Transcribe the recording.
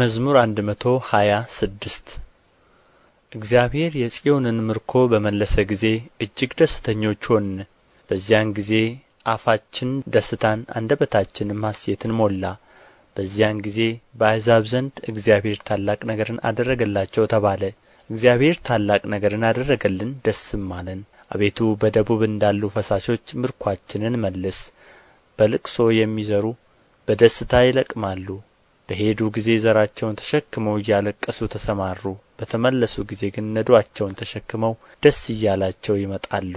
መዝሙር መቶ ሃያ ስድስት እግዚአብሔር የጽዮንን ምርኮ በመለሰ ጊዜ እጅግ ደስተኞች ሆን በዚያን ጊዜ አፋችን ደስታን አንደበታችንም ሐሴትን ሞላ። በዚያን ጊዜ በአሕዛብ ዘንድ እግዚአብሔር ታላቅ ነገርን አደረገላቸው ተባለ። እግዚአብሔር ታላቅ ነገርን አደረገልን፣ ደስም አለን። አቤቱ በደቡብ እንዳሉ ፈሳሾች ምርኳችንን መልስ። በልቅሶ የሚዘሩ በደስታ ይለቅማሉ። በሄዱ ጊዜ ዘራቸውን ተሸክመው እያለቀሱ ተሰማሩ በተመለሱ ጊዜ ግን ነዶአቸውን ተሸክመው ደስ እያላቸው ይመጣሉ